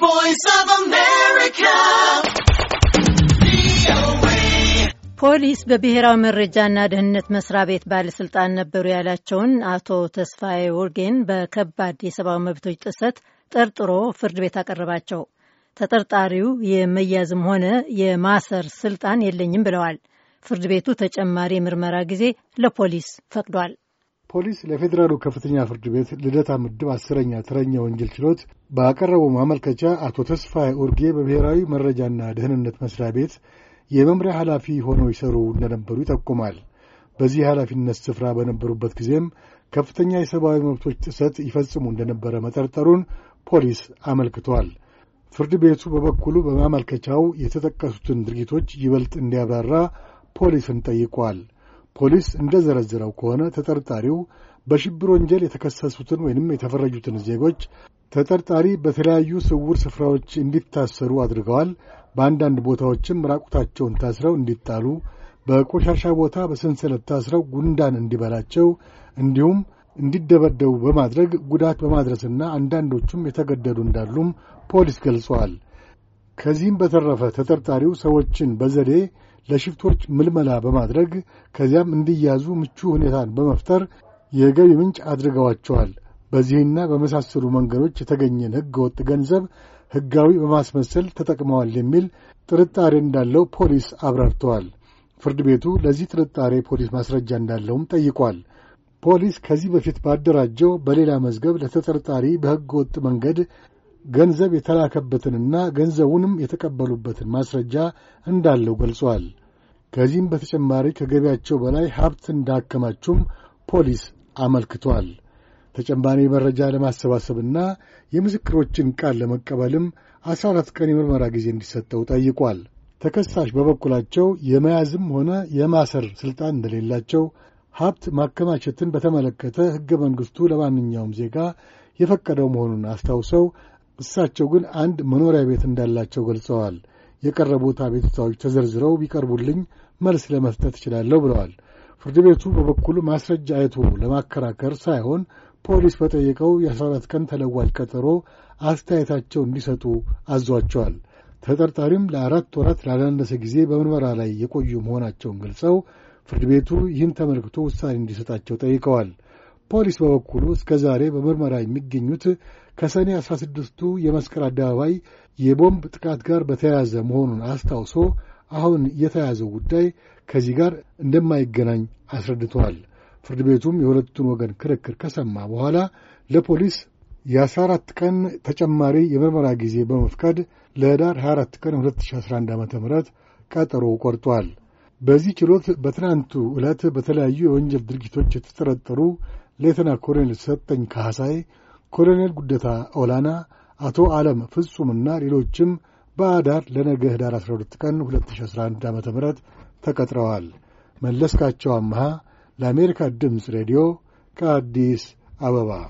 Voice of America. ፖሊስ በብሔራዊ መረጃና ደህንነት መስሪያ ቤት ባለስልጣን ነበሩ ያላቸውን አቶ ተስፋዬ ወርጌን በከባድ የሰብአዊ መብቶች ጥሰት ጠርጥሮ ፍርድ ቤት አቀረባቸው። ተጠርጣሪው የመያዝም ሆነ የማሰር ስልጣን የለኝም ብለዋል። ፍርድ ቤቱ ተጨማሪ የምርመራ ጊዜ ለፖሊስ ፈቅዷል። ፖሊስ ለፌዴራሉ ከፍተኛ ፍርድ ቤት ልደታ ምድብ አስረኛ ተረኛ ወንጀል ችሎት ባቀረበው ማመልከቻ አቶ ተስፋዬ ኡርጌ በብሔራዊ መረጃና ደህንነት መስሪያ ቤት የመምሪያ ኃላፊ ሆነው ይሰሩ እንደነበሩ ይጠቁማል። በዚህ ኃላፊነት ስፍራ በነበሩበት ጊዜም ከፍተኛ የሰብአዊ መብቶች ጥሰት ይፈጽሙ እንደነበረ መጠርጠሩን ፖሊስ አመልክቷል። ፍርድ ቤቱ በበኩሉ በማመልከቻው የተጠቀሱትን ድርጊቶች ይበልጥ እንዲያብራራ ፖሊስን ጠይቋል። ፖሊስ እንደዘረዘረው ከሆነ ተጠርጣሪው በሽብር ወንጀል የተከሰሱትን ወይንም የተፈረጁትን ዜጎች ተጠርጣሪ በተለያዩ ስውር ስፍራዎች እንዲታሰሩ አድርገዋል። በአንዳንድ ቦታዎችም ራቁታቸውን ታስረው እንዲጣሉ፣ በቆሻሻ ቦታ በሰንሰለት ታስረው ጉንዳን እንዲበላቸው እንዲሁም እንዲደበደቡ በማድረግ ጉዳት በማድረስና አንዳንዶቹም የተገደዱ እንዳሉም ፖሊስ ገልጸዋል። ከዚህም በተረፈ ተጠርጣሪው ሰዎችን በዘዴ ለሽፍቶች ምልመላ በማድረግ ከዚያም እንዲያዙ ምቹ ሁኔታን በመፍጠር የገቢ ምንጭ አድርገዋቸዋል። በዚህና በመሳሰሉ መንገዶች የተገኘን ወጥ ገንዘብ ሕጋዊ በማስመሰል ተጠቅመዋል የሚል ጥርጣሬ እንዳለው ፖሊስ አብራርተዋል። ፍርድ ቤቱ ለዚህ ጥርጣሬ ፖሊስ ማስረጃ እንዳለውም ጠይቋል። ፖሊስ ከዚህ በፊት ባደራጀው በሌላ መዝገብ ለተጠርጣሪ በሕገ ወጥ መንገድ ገንዘብ የተላከበትንና ገንዘቡንም የተቀበሉበትን ማስረጃ እንዳለው ገልጿል። ከዚህም በተጨማሪ ከገቢያቸው በላይ ሀብት እንዳከማቹም ፖሊስ አመልክቷል። ተጨማሪ መረጃ ለማሰባሰብና የምስክሮችን ቃል ለመቀበልም አስራ አራት ቀን የምርመራ ጊዜ እንዲሰጠው ጠይቋል። ተከሳሽ በበኩላቸው የመያዝም ሆነ የማሰር ሥልጣን እንደሌላቸው ሀብት ማከማቸትን በተመለከተ ሕገ መንግሥቱ ለማንኛውም ዜጋ የፈቀደው መሆኑን አስታውሰው እሳቸው ግን አንድ መኖሪያ ቤት እንዳላቸው ገልጸዋል። የቀረቡት አቤቱታዎች ተዘርዝረው ቢቀርቡልኝ መልስ ለመስጠት እችላለሁ ብለዋል። ፍርድ ቤቱ በበኩሉ ማስረጃ አይቶ ለማከራከር ሳይሆን ፖሊስ በጠየቀው የ14 ቀን ተለዋጭ ቀጠሮ አስተያየታቸው እንዲሰጡ አዟቸዋል። ተጠርጣሪም ለአራት ወራት ላላነሰ ጊዜ በምርመራ ላይ የቆዩ መሆናቸውን ገልጸው ፍርድ ቤቱ ይህን ተመልክቶ ውሳኔ እንዲሰጣቸው ጠይቀዋል። ፖሊስ በበኩሉ እስከ ዛሬ በምርመራ የሚገኙት ከሰኔ 16ቱ የመስቀል አደባባይ የቦምብ ጥቃት ጋር በተያያዘ መሆኑን አስታውሶ አሁን የተያዘው ጉዳይ ከዚህ ጋር እንደማይገናኝ አስረድተዋል። ፍርድ ቤቱም የሁለቱን ወገን ክርክር ከሰማ በኋላ ለፖሊስ የአስራ አራት ቀን ተጨማሪ የምርመራ ጊዜ በመፍቀድ ለህዳር 24 ቀን 2011 ዓ ም ቀጠሮ ቆርጧል። በዚህ ችሎት በትናንቱ ዕለት በተለያዩ የወንጀል ድርጊቶች የተጠረጠሩ ሌተና ኮሎኔል ሰጠኝ ካሳይ ኮሎኔል ጉደታ ኦላና፣ አቶ ዓለም ፍጹምና ሌሎችም በአዳር ለነገ ህዳር 12 ቀን 2011 ዓ ም ተቀጥረዋል። መለስካቸው አምሃ ለአሜሪካ ድምፅ ሬዲዮ ከአዲስ አበባ